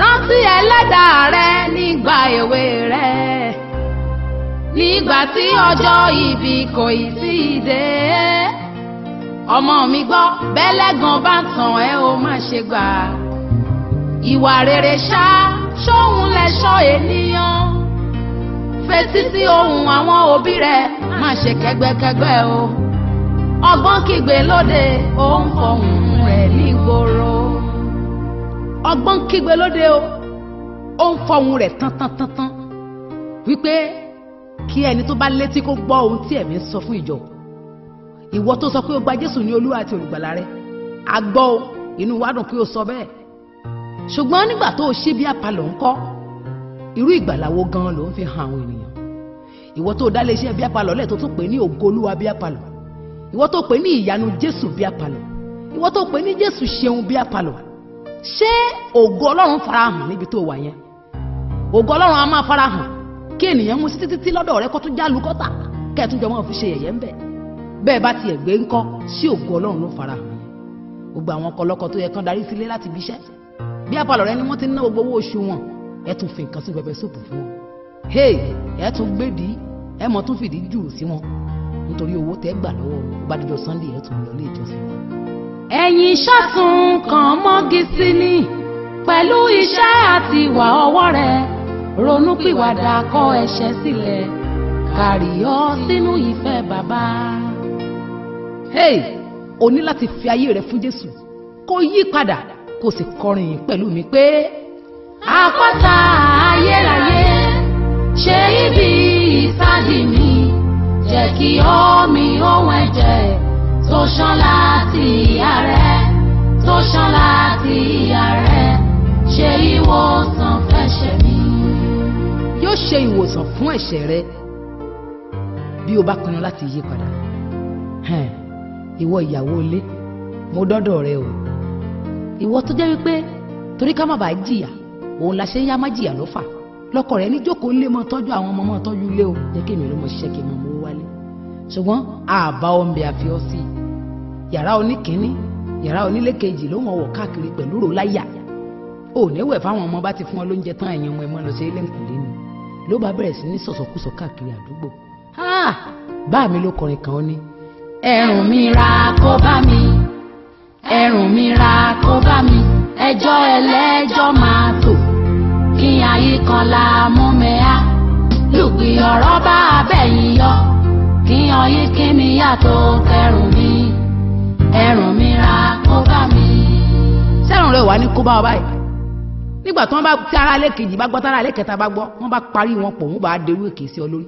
Speaker 3: rántí ẹlẹ́dàá rẹ nígbà èwe rẹ nígbà tí ọjọ́ ibi kò ì sí ìdè ọmọ mi gbọ́ bẹ́lẹ́gan bá tàn ẹ́ o má ṣe gbà ìwà rere ṣáá ṣóhun lẹ̀ṣọ́ ènìyàn fetí sí ohùn àwọn òbí rẹ má ṣe kẹ́gbẹ́kẹ́gbẹ́ o ọgbọ́n kígbe lóde ó ń fọhùn rẹ̀ nígboro
Speaker 2: ọgbọ́n kígbe lóde o ó ń fọhùn rẹ̀ tántántán wípé kí ẹni tó bá létí kó gbọ́ ohun tí ẹ̀mí sọ fún ìjọ ìwọ tó sọ pé o gba Jésù ní Olúwa àti olùgbàlà rẹ àgbọ́ inú wa dùn pé o sọ bẹ́ẹ̀ ṣùgbọ́n nígbà tó o ṣe bí apalọ̀ ńkọ́ irú ìgbàláwo gan ló ń fi hàn àwọn ènìyàn ìwọ tó dálé iṣẹ́ bí apalọ̀ lẹ́ẹ̀ tó tún pè ní ògo olúwa bí apalọ̀ ìwọ tó pè ní ìyanu jésù bí apalọ̀ ìwọ tó pè ní jésù ṣeun bí apalọ̀ ṣé ògo ọlọ́run farahàn níbi tó wà yẹn ògo ọlọ́run a máa farahàn kí ènìyàn mú sí títí tí lọ́dọ̀ rẹ kó tún já lukọ́tà kẹ́ẹ̀tún jọ máa fi ṣe yẹ̀yẹ́ ń bẹ̀ bẹ́ẹ̀ bá tiẹ̀ gbé ńkọ́ sí ògo ọlọ́run ló farahàn gbogbo àwọn ọkọ̀ ọlọ́kọ̀ tó yẹ kán darí sílé láti bí iṣẹ́ bí apalọ̀ rẹ ni wọ́n ti ná gbogbo owó oṣù wọn ẹ tún fi nǹkan sí pẹpẹ sóòpù fún wọn hey ẹ tún gbèdì ẹ mọ tún fìdí jù sí wọn nítorí owó tẹ gbà lọ́wọ́ ó bá dijọ́ sunday ẹ tún lọ ilé ìjọsìn
Speaker 3: wọn. ẹ̀yin ṣàtún kan mọ́gi sí ni pẹ̀lú iṣẹ́ àti ìwà ọwọ́ rẹ ronúpìwàdà kọ̀ ẹ̀ṣẹ̀ sílẹ̀ kàrí ọ sínú ìfẹ́ bàbá. hey
Speaker 2: o ní láti fi ayé rẹ fún Jésù kó yí padà kò sì kọrin yìí pẹ̀lú mi
Speaker 3: pé. àpáta ayérayé ṣe ibi ìsádi mi jẹ́ kí omi ohun ẹ̀jẹ̀ tó ṣàn láti ìyá rẹ̀ tó ṣàn láti ìyá rẹ̀
Speaker 2: ṣe ìwòsàn fẹ́ṣẹ̀ mi. yóò ṣe ìwòsàn fún ẹ̀ṣẹ̀ rẹ bí o bá pinnu láti yí padà ìwọ ìyàwó ilé mo dọ́dọ̀ rẹ o ìwọ tó jẹ́ wípé torí ká má bàa jìyà òun la ṣe ń yá má jìyà ló fà lọkọ rẹ ní jókòó lé mọ tọ́jú àwọn ọmọ mọ tọ́jú ilé o jẹ́ kí èmi ló mọ ṣiṣẹ́ kí n mọ owó wálé ṣùgbọ́n àbá ọmọbẹ àfihàn sí i yàrá oníkínní yàrá onílé kejì ló wọn wọ káàkiri pẹ̀lú rò láyà ò níwẹ̀ fáwọn ọmọ bá ti fún ọ lóúnjẹ tán ẹ̀yin ọmọ ẹ̀ mọ́ lọ sí ilé nkùlé ni ló bá bẹ̀rẹ̀ sí ní sọ̀sọ̀kúsọ káàkiri àdúgbò bá mi ló kọrin kan ó ní
Speaker 3: ẹ̀rùn mi ra kọ́ bá mi ẹrùn mi ra kó bá mi ẹjọ́ ẹlẹ́jọ́ máa tò kí ayé kan la mú mẹ́à lùgbì ọ̀rọ̀ bá abẹ́yìn yọ kí ọyẹ́ kí mi yàtọ̀ kẹrùn mi ẹrùn mi ra kó bá mi. sẹ́rùn rẹ̀ wá ní kó bá ọ báyìí
Speaker 2: nígbà tí wọ́n bá tí aráalé kejì bá gbọ́ tí aráalé kẹta bá gbọ́ wọ́n bá parí wọn pọ̀ wọ́n bá derú èké sí
Speaker 3: ọ lórí.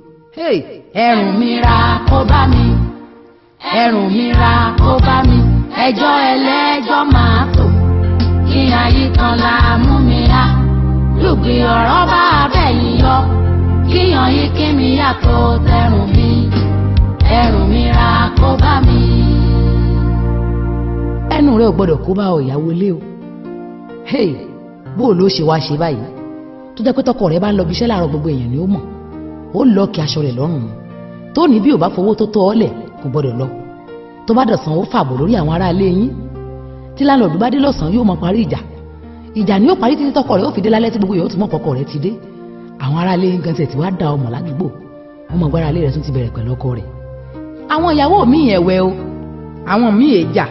Speaker 3: ẹrùn mi ra kó bá mi ẹrùn mi ra kó bá mi ẹjọ́ ẹlẹ́jọ́ máa tò kí ayé kan la mú mi á lùgbì ọ̀rọ̀ bá abẹ́yìn yọ kíyan yìí kí mi yàtọ̀ tẹrùn mi ẹrùn mi ra kó bá mi.
Speaker 2: ẹnu rẹ ò gbọ́dọ̀ kó bá ọyàwó ilé o bó ló ṣe wá ṣe báyìí tó jẹ́ pé tọkọ rẹ bá ń lọ bí iṣẹ́ láàárọ̀ gbogbo èèyàn ni ó mọ̀ ó lọ kí aṣọ rẹ̀ lọ́rùn tó ní bí ò bá fowó tó tọ́ ọ lẹ̀ kò gbọ́dọ̀ lọ tó bá dọ̀sán ó fàbọ̀ lórí àwọn ará ilé yín tí láńlọ́ọ̀dù bá dé lọ́sàn-án yóò mọ parí ìjà ìjà ni yóò parí títí tọkọ rẹ̀ yóò fi dé lálẹ́ tí gbogbo yóò ti mọ̀ kọkọ rẹ̀ ti dé àwọn ará ilé yín gan tẹ̀ tí da ọmọ ládùúgbò ọmọ ìgbára ilé rẹ̀ tún ti bẹ̀rẹ̀ pẹ̀lú ọkọ rẹ̀ àwọn ìyàwó míì ẹ̀wẹ̀ o àwọn míì èjà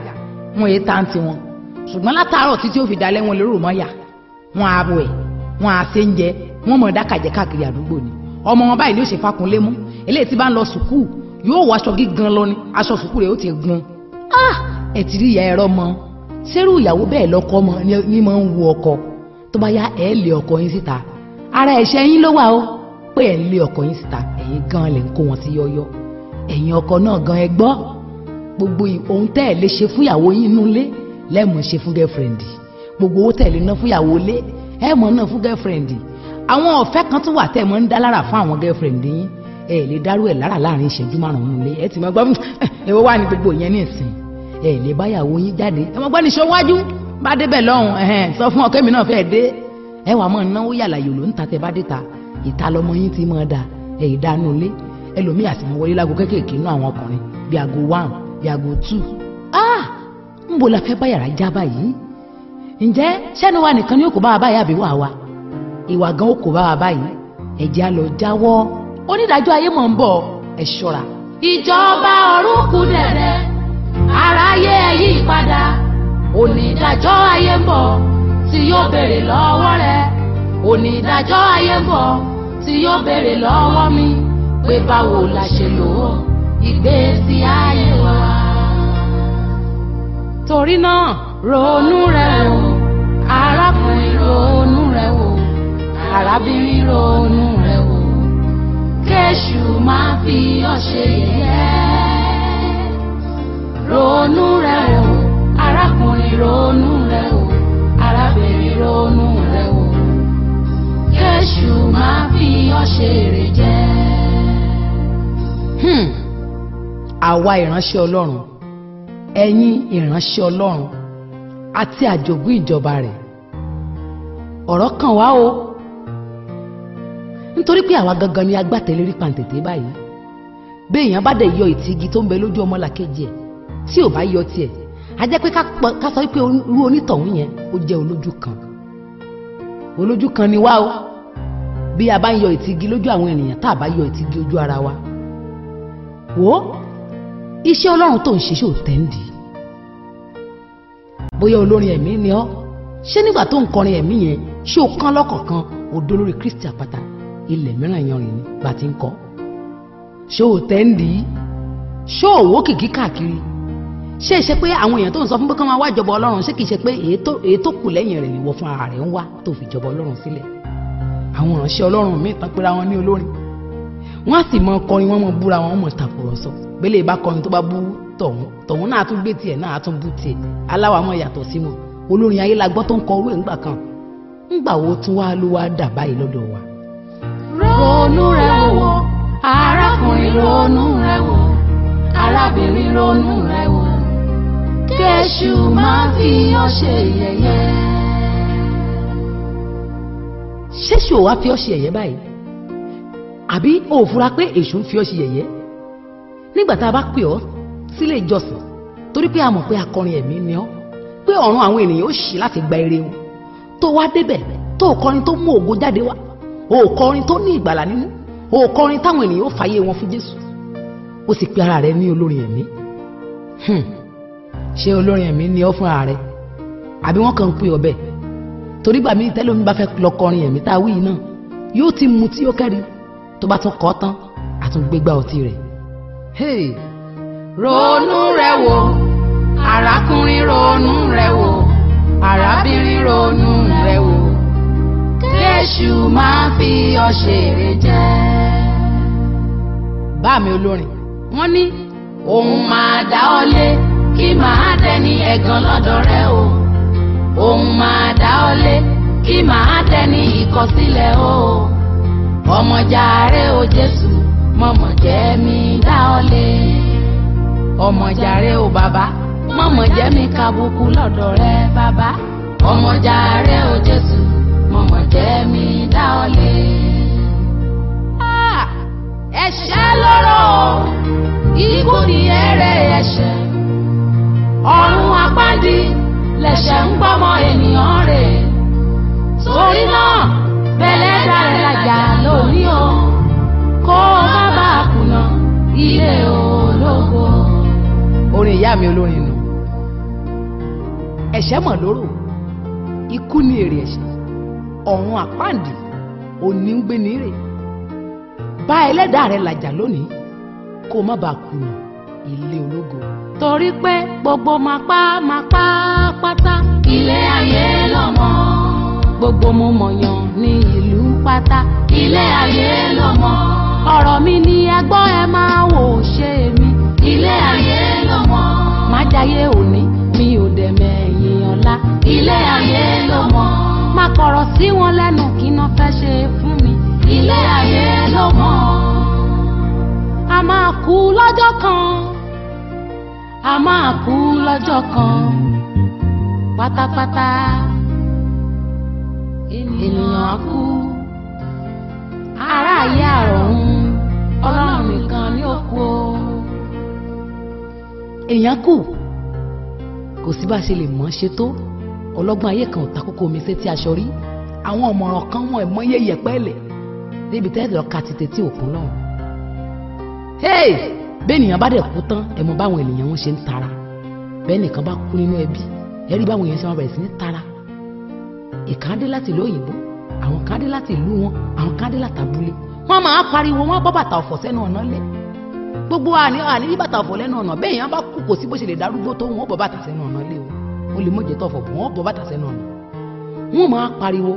Speaker 2: wọn èé ta ti wọn ṣùgbọ́n látàárọ̀ títí ó fi dalẹ́ wọn lérò mọ́ yà wọn á wẹ̀ wọn á ṣe ń jẹ wọn mọ̀ dákàjẹ́ káàkiri àdúgbò ni ọmọ wọn báyìí ló ṣe fakunlé mú eléyìí tí bá ń lọ sùkúù yóò wọ aṣọ gígan lọ ni aṣọ sùkúù rẹ̀ ó ti Ah, ẹ ti rí ìyá ẹ̀rọ mọ sẹ́rù ìyàwó bẹ́ẹ̀ lọ́kọ́ mọ ní mọ ń wo ọkọ tó bá yá ẹ̀ lé ọkọ yín síta ara ẹ̀ṣẹ̀ yín ló wà ó pé ẹ̀ ń lé ọkọ yín síta ẹ̀yin gan lẹ̀ ń kó wọn sí yọ́yọ́ ẹ̀yin ọkọ náà gan ẹ gbọ́ gbogbo ohun tẹ́ ẹ̀ lè ṣe fún ìyàwó yín inú ilé lẹ́ẹ̀mọ̀ ṣe fún gẹ́fìrẹ̀ǹdì gbogbo owó tẹ́ ẹ̀ lè ná fún ìyàwó ilé ẹ̀ẹ̀mọ̀ náà fún gẹ́fìrẹ̀ǹdì àwọn ọ̀fẹ́ kan tún wà tẹ́ ẹ̀ mọ́ ń dá lára fún àwọn gẹ́fìrẹ̀ǹdì yín ẹ lè dárú ẹ̀ lára láàrin ìṣẹ́jú márùn-ún nílé ẹ ti máa gbọ́ ẹ̀wọ́ wà ní gbogbo yẹn ní ìsìn ẹ lè báyàwó yín jáde ẹ máa gbọ́ ní ṣọwájú bá débẹ̀ lọ́hùn sọ fún ọkẹ́ mi náà fẹ́ dé ẹ wà máa náwó yàlà yòló ń ta tẹ bá dé ta ìta lọmọ yín ti máa da ẹ ìdánú ilé ẹlòmíì àti máa wọlé láago kéékèèké inú àwọn ọkùnrin bíi aago one bíi aago two ah ń bo la fẹ́ báyàrá já báyìí ǹjẹ́ sẹ́nu wa nìkan ni ó kó bá wa báyìí àbí wà wa ìwà gan ó kó bá wa báyìí ẹ̀jẹ̀ á lọ jáwọ́ onídàájọ́ ayé mọ̀ ń bọ̀ ẹ̀ ṣọ́ra.
Speaker 3: ìjọba ọ̀run kù dẹ̀dẹ̀ aráyé ẹ̀ yí padà onídàájọ́ ayé ń bọ̀ tí yóò béèrè lọ́wọ́ rẹ̀ onídàájọ́ ayé ń tí yóò béèrè lọ́wọ́ mi pé báwo la ṣe lò ó ìgbésí ayé wa. torí náà ronú rẹ o arákùnrin ronú rẹ o arábìnrin ronú kéṣù máa fi ọ́ ṣe yẹ̀yẹ́. ronú rẹ o arákùnrin ronú rẹ o arábìnrin ronú rẹ o kéṣù máa fi ọ́ ṣe èrè jẹ́.
Speaker 2: Hmm. àwa ìránṣẹ́ ọlọ́run ẹ̀yin ìránṣẹ́ ọlọ́run àti àjògùn ìjọba rẹ̀ ọ̀rọ̀ kan wá o nítorí pé àwa gangan ni agbátẹ̀lé rí pàǹtẹ̀tẹ̀ báyìí béèyàn bá dẹ̀ yọ ìtìgi tó ń bẹ lójú ọmọlàkejì ẹ̀ tí ò bá yọ tiẹ̀ a jẹ́ pé ká sọ pé irú onítọ̀hún yẹn ó jẹ́ olójú kan olójú kan ni wá o bí a bá ń yọ ìtìgi lójú àwọn ènìyàn tá a bá yọ ìtìgi ojú ara wa wò ó iṣẹ́ ọlọ́run tó ń ṣe ṣe ò tẹ́ǹdì bóyá olórin ẹ̀mí ni ọ́ ṣé nígbà tó ń kọrin ẹ̀mí yẹn ṣé kán lọ́kọ̀ọ̀kan òdo lórí Kristi àpáta ilẹ̀ mìíràn yanrìn ni bá ti ń kọ́ ṣó o tẹ́ǹdì ṣó òwò kìkì káàkiri ṣé ṣe pé àwọn èèyàn tó ń sọ fún pé kán máa wá jọba ọlọ́run ṣé kìí ṣe pé èyí tó kù lẹ́yìn rẹ̀ nìwọ fún ara rẹ̀ ń wá tó fi jọba ọlọ́run sílẹ̀ àwọn ìránṣẹ́ ọlọ́run míì tán pera wọn ní olórin wọ́n á sì mọ kọrin wọ́n mọ búra wọn mọ tàkùrọ̀sọ gbélé bá kọrin tó bá bú tọ̀hún tọ̀hún náà tún gbé tiẹ̀ náà tún bú tiẹ̀ aláwa mọ̀ yàtọ̀ sí mọ̀ olórin ayé tó ń kọ orú ẹ̀ kan ńgbà wo tún wá ló wá dà báyìí lọ́dọ̀ wa
Speaker 3: ronú rẹ wò arákùnrin ronú rẹ wò arábìnrin ronú rẹ wò kéṣù má fi ọ́ ṣe yẹ̀yẹ́.
Speaker 2: ṣéṣù wàá fi ọ́ ṣe yẹ̀yẹ́ báyìí àbí o ò fura pé èṣù ń fi ọ́ ṣe yẹ̀yẹ́ nígbà tá a bá pè ọ́ sílé ìjọsìn torí pé a mọ̀ pé akọrin ẹ̀mí ni ọ́ pé ọ̀run àwọn ènìyàn ó ṣí láti gba ire wọn tó wá débẹ̀ tó kọrin tó mú ògo jáde wá o kọrin tó ní ìgbàlà nínú o kọrin táwọn ènìyàn ó fàyè wọn fún Jésù o sì pe ara rẹ ní olórin ẹ̀mí hmm. ṣé olórin ẹ̀mí ni ọ fúnra rẹ àbí wọn kàn ń pè ọbẹ torí gbà mí tẹlómi bá fẹ́ lọ kọrin ẹ̀mí tá a wí yìí náà yóò ti mu tí ó kẹ́ri tó bá tún kọ tán àtúngbégbá ọtí
Speaker 3: rẹ̀. ronú rẹ wò arákùnrin ronú rẹ wò arábìnrin ronú kéṣù máa fi ọ̀ṣèré jẹ́. báàmì olórin wọ́n ní òun máa dá ọ lé kí màá dẹni ẹ̀gàn lọ́dọ̀ rẹ o òun máa dá ọ lé kí màá dẹni ìkọ̀sílẹ̀ o ọmọjà rẹ o Jésù mọ̀mọ̀jẹ́ mi dá ọ lé ọmọjà rẹ o bàbá mọ̀mọ̀jẹ́ mi kàbùkù lọ́dọ̀ rẹ bàbá ọmọjà rẹ o Jésù mo mọ̀ jẹ́ mi dá ọ lé. Ah, ẹ̀ṣẹ̀ lọ́rọ̀
Speaker 2: ikú ni èrè ẹ̀ṣẹ̀
Speaker 3: ọ̀run apádi lẹ̀ṣẹ̀ ń gbọ́mọ ènìyàn rẹ̀ torí náà bẹ̀lẹ́ dáradára lórí o kó o má bàa kùnà ilé ológo.
Speaker 2: orin ìyá mi olórin nù ẹ̀ṣẹ̀ mọ̀ lóró ikú ni èrè ẹ̀ṣẹ̀ ọ̀run àpáǹdì òní ń gbé nírè bá ẹlẹ́dàá rẹ làjà lónìí kó má bàa kùnà ilé ológo. torí pé
Speaker 3: gbogbo mapá mapá pátá. ilé ayé lọ́mọ. gbogbo mo mọ̀yàn ní ìlú pátá. ilé ayé lọ́mọ. ọ̀rọ̀ mi ni ẹgbọ́n ẹ máa wò ṣe mi. ilé ayé lọ́mọ. má jayé òní mi ò dẹ̀ mẹ́yìn ọ̀la. ilé ayé lọ́mọ máa kọ̀rọ̀ sí wọn lẹ́nu kí iná fẹ́ ṣe fún mi. ilé ayé ló mọ̀. a máa kú lọ́jọ́ kan a máa kú lọ́jọ́ kan pátápátá ènìyàn á kú ará ayé àrọ̀hún ọlọ́run nìkan ní òkú o.
Speaker 2: èèyàn kù kò sí bá a ṣe lè mọ̀ ṣe tó ọlọ́gbọ́n ayé kan ò ta kókó omi sétí aṣọ rí àwọn ọ̀mọ̀ràn kan wọn ìmọ̀ye yẹ̀pẹ́lẹ̀ níbi tẹ́lẹ̀ ọ̀ka ti tètè òkú náà. bẹ́ẹ̀nìyàn bá dẹ̀ kú tán ẹ̀ mọ báwọn ènìyàn wọn ṣe ń tara bẹ́ẹ̀nìkan bá kú nínú ẹbí ẹ rí báwọn èèyàn ṣe wọn bẹ̀rẹ̀ sí ní tara ìkan dé láti ìlú òyìnbó àwọn kan dé láti ìlú wọn àwọn kan dé látàbúlé wọn máa pariwo wọn bọ́ bàtà ọ̀fọ̀ sẹ́nu ọ̀nà lẹ̀ gbogbo àní àní bàtà ọ̀fọ̀ lẹ́nu ọ̀nà bẹ́ẹ̀ yẹn bá kú kò sí bó ṣe lè darúgbó tó wọn bọ́ bàtà sẹ́nu ọ̀nà lẹ̀ o lè mọ̀jẹ̀ tọ̀fọ̀ bọ̀ wọ́n bọ̀ bàtà sẹ́nu ọ̀nà wọ́n máa pariwo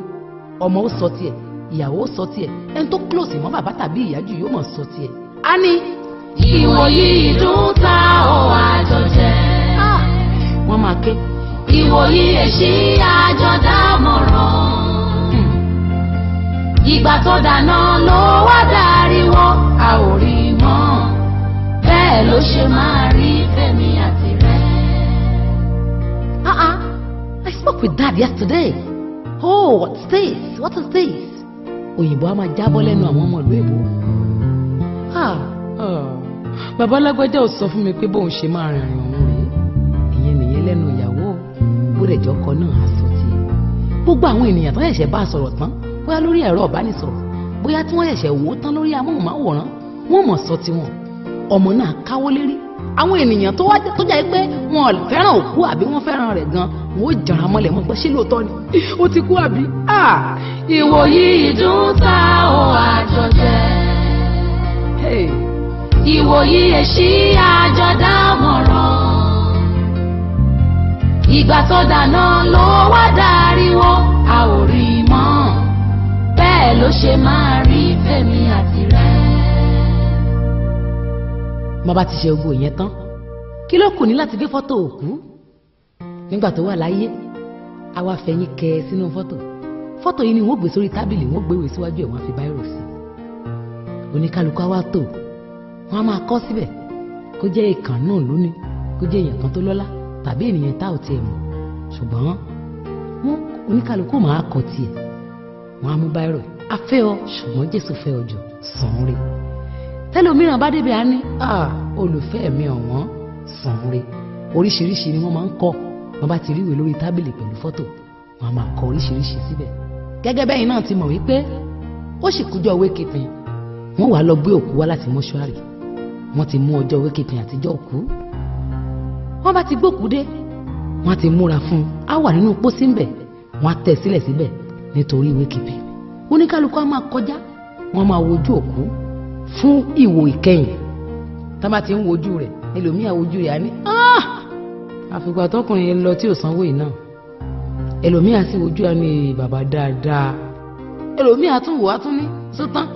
Speaker 2: ọmọ ó sọ tiẹ̀ ìyàwó sọ tiẹ̀ ẹni tó close mọ́ bàbá tàbí ìyá jù yóò mọ̀ sọ tiẹ̀
Speaker 3: á ní. ìwòyí ìdún ta ò àjọ jẹ. wọ́n máa ké. ìwòyí èsì àjọ dámọ̀ràn. Hmm. ìgbà tó dáná ló wá dáríwọ́ a ò rí mọ́
Speaker 2: bẹ́ẹ̀ ló ṣe máa rí
Speaker 3: fẹ́mi àti.
Speaker 2: spoke with dad yesterday. Oh, what's this? What is this? Òyìnbó á máa jábọ́ lẹ́nu àwọn ọmọ ìlú èbó. Ah. Bàbá alágbájá ò sọ fún mi pé bóun ṣe máa rìnrìn òun rèé. Ìyẹn nìyẹn lẹ́nu ìyàwó búrẹ̀jọ́ kan náà á sọ tiẹ̀. Gbogbo àwọn ènìyàn tó ṣẹ̀ṣẹ̀ bá sọ̀rọ̀ tán bóyá lórí ẹ̀rọ ìbánisọ̀rọ̀ bóyá tí wọ́n ṣẹ̀ṣẹ̀ wò ó tán lórí amóhùnmáwòrán wọ́n mọ̀ sọ tiwọn. Ọmọ náà káwọ́ lérí àwọn ènìyàn tó wá tó jẹ́ pé wọn ò fẹ́ràn òkú àbí wọ́n fẹ́ràn rẹ̀ gan wọ́n jàrá mọ́lẹ̀ mọ́ gbọ́ ṣé lóòótọ́ ni ó ti kú àbí. ìwòyí ìdún ta ò àjọjẹ.
Speaker 3: ìwòyí èṣí àjọdá mọ̀ràn. ìgbà tó dáná ló wá dáríwó a ò rí i mọ́ bẹ́ẹ̀ ló ṣe máa rí fèmí àti rẹ̀.
Speaker 2: bàbá ti ṣe gbogbo ìyẹn tán kí ló kù ní láti gbé fọ́tò òkú nígbà tó wà láyé a wá fẹ̀yìn kẹ sínú fọ́tò fọ́tò yìí ni wọ́n gbé sórí tábìlì wọ́n gbéwèé síwájú ẹ̀ wọ́n á fi báírò sí oníkálukú á wá tò wọ́n á máa kọ síbẹ̀ kó jẹ́ ìkàn náà lónìí kó jẹ́ èèyàn kan tó lọ́lá tàbí ènìyàn tá ò tiẹ̀ mọ̀ ṣùgbọ́n wọ́n oníkálukú máa kọ tiẹ̀ wọ́n á mú báírò a fẹ́ ọ ṣùgbọ́n Jésù fẹ́ ọ jù sàn rè tẹ́lòmíràn bá débi á ní olùfẹ́ mi ọ̀wọ́n sàn án rè oríṣiríṣi ni wọ́n máa ń kọ́ wọ́n bá ti rí ìwé lórí tábìlì pẹ̀lú fọ́tò wọ́n á máa kọ oríṣiríṣi síbẹ̀ gẹ́gẹ́ bẹ́yìn náà ti mọ̀ wípé ó sì kújọ́ wékìpin wọ́n wàá lọ gbé òkú wá láti mọ́ṣúárì wọ́n ti mú ọjọ́ wékìpin àtijọ́ òkú wọ́n bá ti gbókú dé wọ́n ti múra fún un á wà nínú pósí ńbẹ wọ́n á tẹ̀ sílẹ̀ síbẹ̀ nítorí wékìpin oníkálukú á máa kọjá wọ́n máa wojú òkú fún ìwò ìkẹyìn tá bá ti ń wojú rẹ̀ ẹlòmíà wojú rẹ̀ á àfìgbà tọkùnrin yẹn lọ tí ò sanwó yìí náà ẹlòmíà sì wojú wa ní bàbá dáadáa ẹlòmíà tún wò á tún ní sótán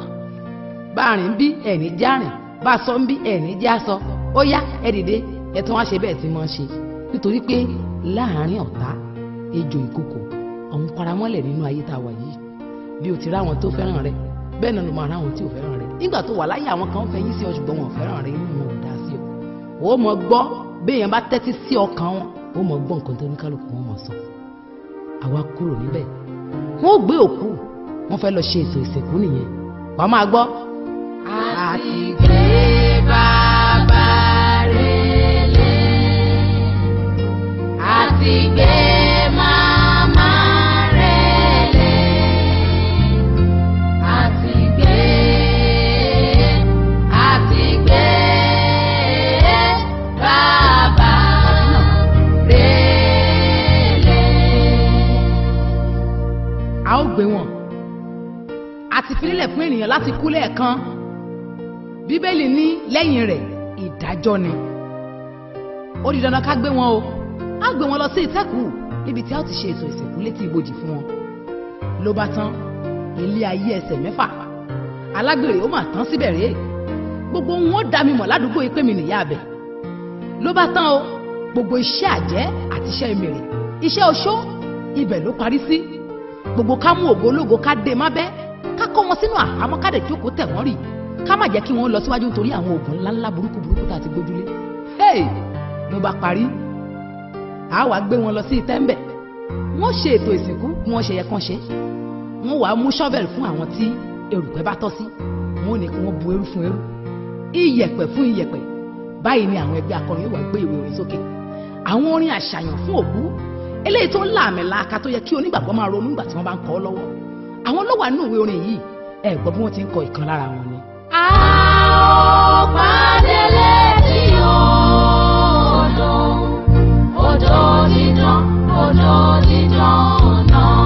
Speaker 2: bá a rìn bí ẹni já rìn bá a sọ ń bí ẹni já sọ ó yá ẹ dìde ẹ tún wá ṣe bẹ́ẹ̀ tí wọ́n ṣe nítorí pé láàárín ọ̀tá ejò ìkòkò àwọn paramọ́lẹ̀ nínú ayé tá a wà yìí bí o ti rá àwọn tó fẹ́ràn rẹ bẹ́ẹ̀ náà ló máa rá àwọn tí ò fẹ́ràn rẹ nígbà tó wà láyé àwọn kan fẹ́yìn sí ọ ṣùgbọ́n wọn ò fẹ́ràn béèyàn bá tẹ́tí sí ọkàn wọn ó mọ gbọ́ nǹkan tó ní kálukú wọn mọ̀ sọ àwa kúrò níbẹ̀ wọn ò gbé òkú wọn fẹ́ lọ ṣe ètò ìsìnkú nìyẹn wàá máa gbọ́.
Speaker 1: àti gbé bàbá rẹ̀ lé
Speaker 3: àti gbé.
Speaker 2: sílẹ̀ fún ènìyàn láti kú lẹ́ẹ̀kan bíbélì ní lẹ́yìn rẹ̀ ìdájọ́ ni ó di dandan ká gbé wọn o á gbé wọn lọ sí ìtẹ́kùú níbi tí a ó ti ṣe ètò ìsìnkú létí ibojì fún wọn ló bá tán ilé ayé ẹsẹ̀ mẹ́fà alágbèrè ó mà tán síbẹ̀ rèé gbogbo wọn ó dá mi mọ̀ ládùúgbò yìí pé mi nìyá abẹ ló bá tán o gbogbo iṣẹ́ àjẹ́ àti iṣẹ́ ìmìrì iṣẹ́ oṣó ibẹ̀ ló parí sí gbogbo ká mú ògo ká dé mábẹ́ ká kó wọn sínú àhámọ́ ká dẹ̀ jókòó tẹ̀ wọ́n rì ká má jẹ́ kí wọ́n lọ síwájú nítorí àwọn oògùn ńláńlá burúkú burúkú tá a ti gbójúlé hey mo bá parí a wá gbé wọn lọ sí ìtẹ́ńbẹ̀ wọ́n ṣe ètò ìsìnkú bí wọ́n ṣe yẹ kán ṣe wọ́n wàá mú shovel fún àwọn tí erùpẹ̀ bá tọ́ sí wọ́n ní kí wọ́n bu eru fún eru iyẹ̀pẹ̀ fún iyẹ̀pẹ̀ báyìí ni àwọn ẹgbẹ́ akọrin yóò wá gbé ìwé orin sókè àwọn orin àṣàyàn fún òkú eléyìí tó ń láàmì láaka tó yẹ kí onígbàgbọ́ máa ronú ìgbà tí wọ́n bá ń kọ ọ́ lọ́wọ́ àwọn ló wà nínú ìwé orin yìí ẹ gbọ́ bí wọ́n ti ń kọ ìkan lára wọn ni.
Speaker 3: a ò pàdé létí odò odò dídán odò dídán náà.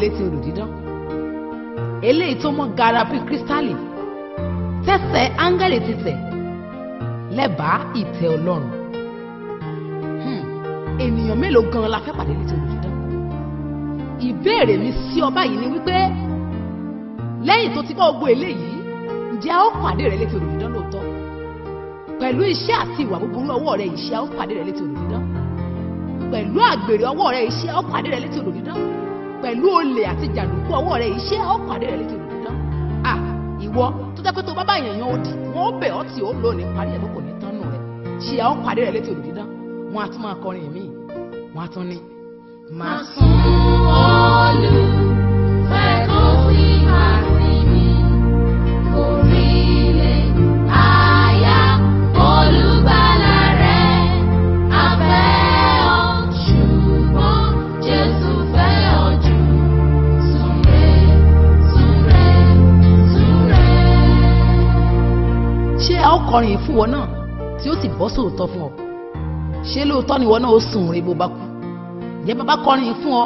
Speaker 2: létí odò dídán eléyìí tó mọ́ gara bíi kírísítálì tẹsẹ̀ áńgẹ́lì ti tẹ̀ lẹ́bàá ìtẹ́ ọlọ́run hmm, ènìyàn mélòó gan-an la fẹ́ pàdé létí odò dídán ìbéèrè mi sí ọba yìí ni wípé lẹ́yìn tó ti gbọ́ gbogbo eléyìí ǹjẹ́ ó pàdé rẹ létí odò dídán lóòótọ́ pẹ̀lú iṣẹ́ àti ìwà búburú ọwọ́ rẹ ìṣe ó pàdé rẹ létí odò dídán pẹ̀lú àgbèrè ọwọ́ rẹ iṣẹ́ ó pàdé rẹ létí odò dídán pẹ̀lú olè àti jàǹdùkú ọwọ́ rẹ iṣẹ́ ọkọ̀ àdé rẹ lè ti rù tán à ìwọ tó jẹ́ pé tó bá bá èèyàn yan odi wọ́n bẹ̀ ọ́ tí ó lò ní parí ẹ̀ tó kò ní tán nù rẹ̀ ṣe ọkọ̀ àdé rẹ lè ti rù dídán wọ́n á tún máa kọrin míì wọ́n á tún ní. màá sún olùfẹ́ tó fi máa ó kọrin yìí fún wọn náà tí ó sì bọ́ sóòótọ́ fún ọ ṣé lóòótọ́ ni wọn náà ó sùn rè bó bá kú ǹjẹ́ bàbá kọrin yìí fún ọ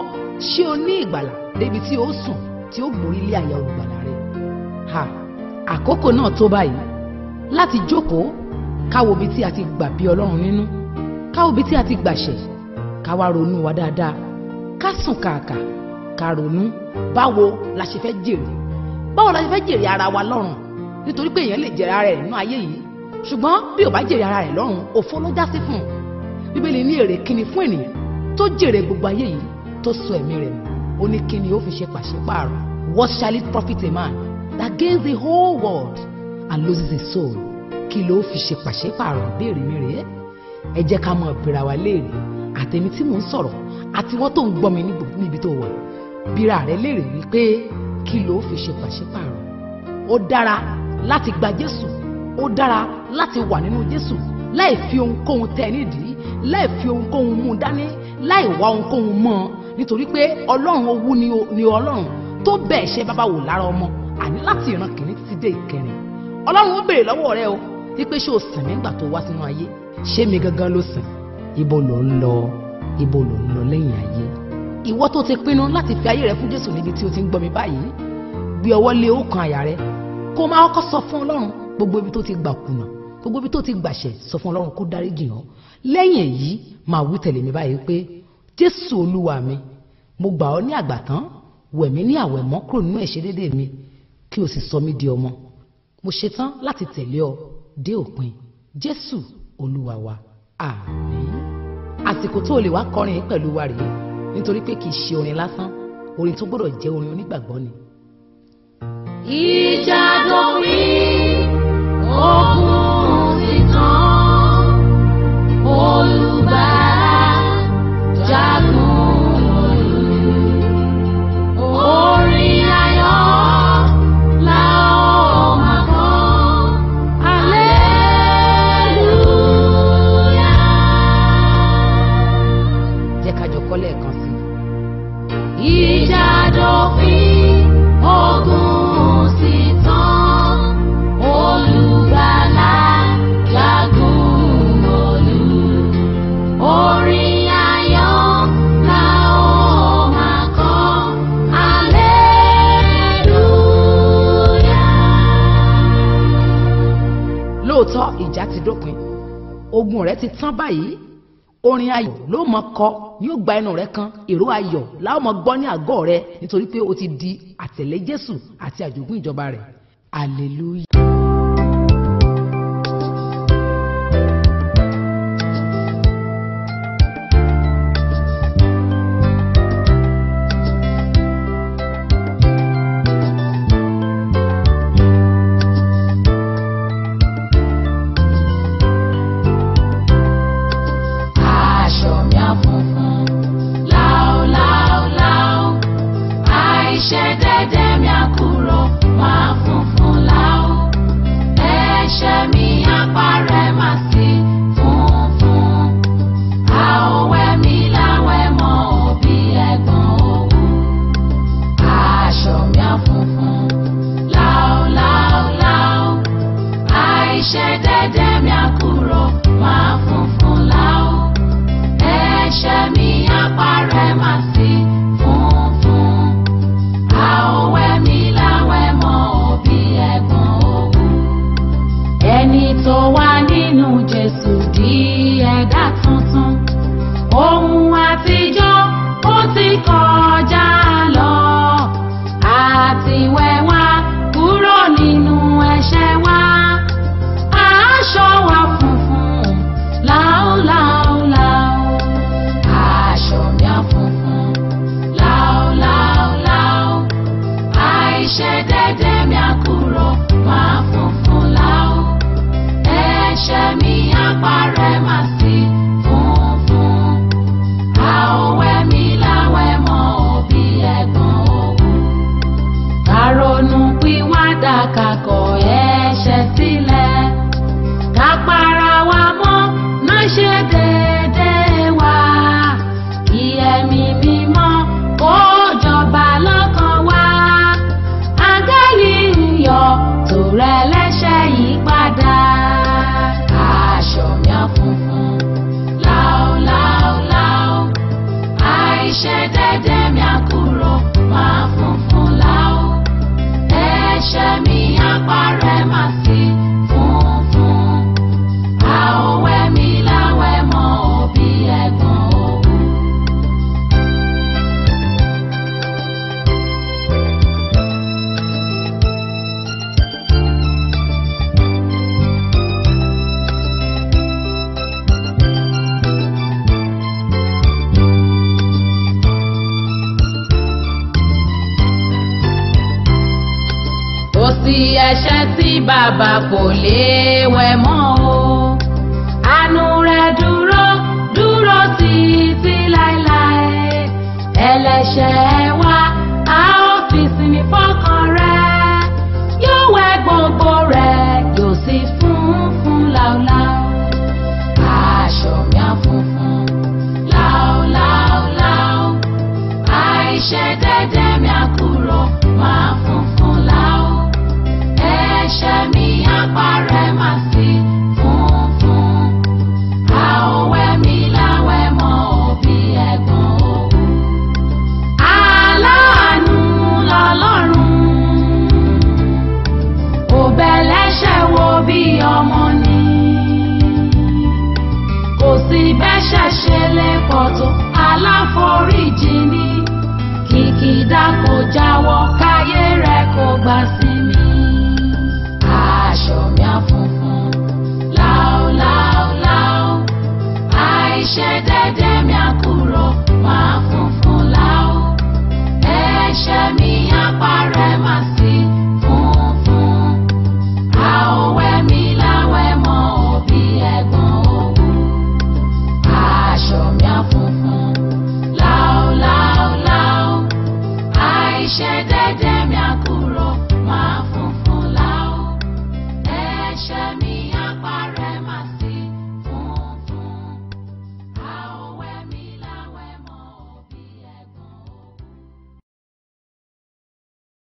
Speaker 2: ṣé o ní ìgbàlà débi tí ó sùn tí ó gbórí lé àyà olùgbàlà rẹ ha àkókò náà tó báyìí láti jókòó káwo bí tí a ti gbà bí ọlọ́run nínú káwo bí tí a ti gbàṣẹ káwa ronú wa dáadáa ká sùn kàkà ká ronú báwo la ṣe fẹ́ jèrè báwo la ṣe fẹ́ jèrè ara wa lọ́rùn nítorí pé èèyàn lè jèrè ara rẹ̀ nínú ayé yìí ṣùgbọ́n bí ò bá jèrè ara rẹ̀ lọ́run òfo ló já sí fún un bíbélì ní èrè kíni fún ènìyàn tó jèrè gbogbo ayé yìí tó sọ ẹ̀mí rẹ̀ ó ní kíni ó fi ṣe pàṣípààrọ̀ what shall it profit a man that gains the whole world and loses his soul kí ló fi ṣe pàṣípààrọ̀ béèrè mi rèé ẹ jẹ́ ká mọ ìpèrà wa léèrè àtẹ̀mí tí mò ń sọ̀rọ̀ àti wọ́n tó ń gbọ́ mi níbi tó wà bíra rẹ̀ léèrè wípé kí ló fi ṣe pàṣípààrọ̀ ó dára láti gba jésù ó dára láti wà nínú jésù láì fi ohunkóhun tẹ nídìí láì fi ohunkóhun mú dání láì wá ohunkóhun mọ́ ọ nítorí pé ọlọ́run owú ni ọlọ́run tó bẹ́ẹ̀ ṣe bàbá wò lára ọmọ àní láti ìran kìíní títí dé ìkẹrin ọlọ́run ó béèrè lọ́wọ́ rẹ o wípé ṣé o sìn nígbà tó wá sínú ayé ṣé mi gangan ló sìn ibo ló ń lọ ibo ló ń lọ lẹ́yìn ayé ìwọ tó ti pinnu láti fi ayé rẹ fún jésù níbi tí o ti ń gbọ́ báyìí gbé ọwọ́ lé ọkàn àyà rẹ kó máa kọ́ sọ fún ọlọ́run gbogbo ibi tó ti gbà kùnà gbogbo ibi tó ti gbàṣẹ̀ sọ fún ọlọ́run kó dáríjì hàn lẹ́yìn èyí máa wí tẹ̀lé mi báyìí pé jésù olúwa mi mo gbà ọ́ ní àgbàtán wẹ̀ mí ní àwẹ̀mọ́ kúrò nínú ẹ̀ṣẹ̀ dédé mi kí o sì sọ mí di ọmọ mo ṣetán láti tẹ̀lé ọ dé òpin jésù olúwa wa àmín àsìkò tó o lè wá kọrin pẹ̀lú wa rèé nítorí pé kì í ṣe orin lásán orin tó gbọ́dọ̀ jẹ́ orin onígbàgbọ́ ni
Speaker 1: ìjà dópin ogun ti tán
Speaker 2: ogun rẹ ti tán báyìí orin ayọ̀ ló mọ kọ yóò gba ẹnu rẹ kan èrò ayọ̀ láwọn mọ gbọ́ ní àgọ́ rẹ nítorí pé o ti di àtẹ̀lé Jésù àti àjogún ìjọba rẹ̀ hallelujah.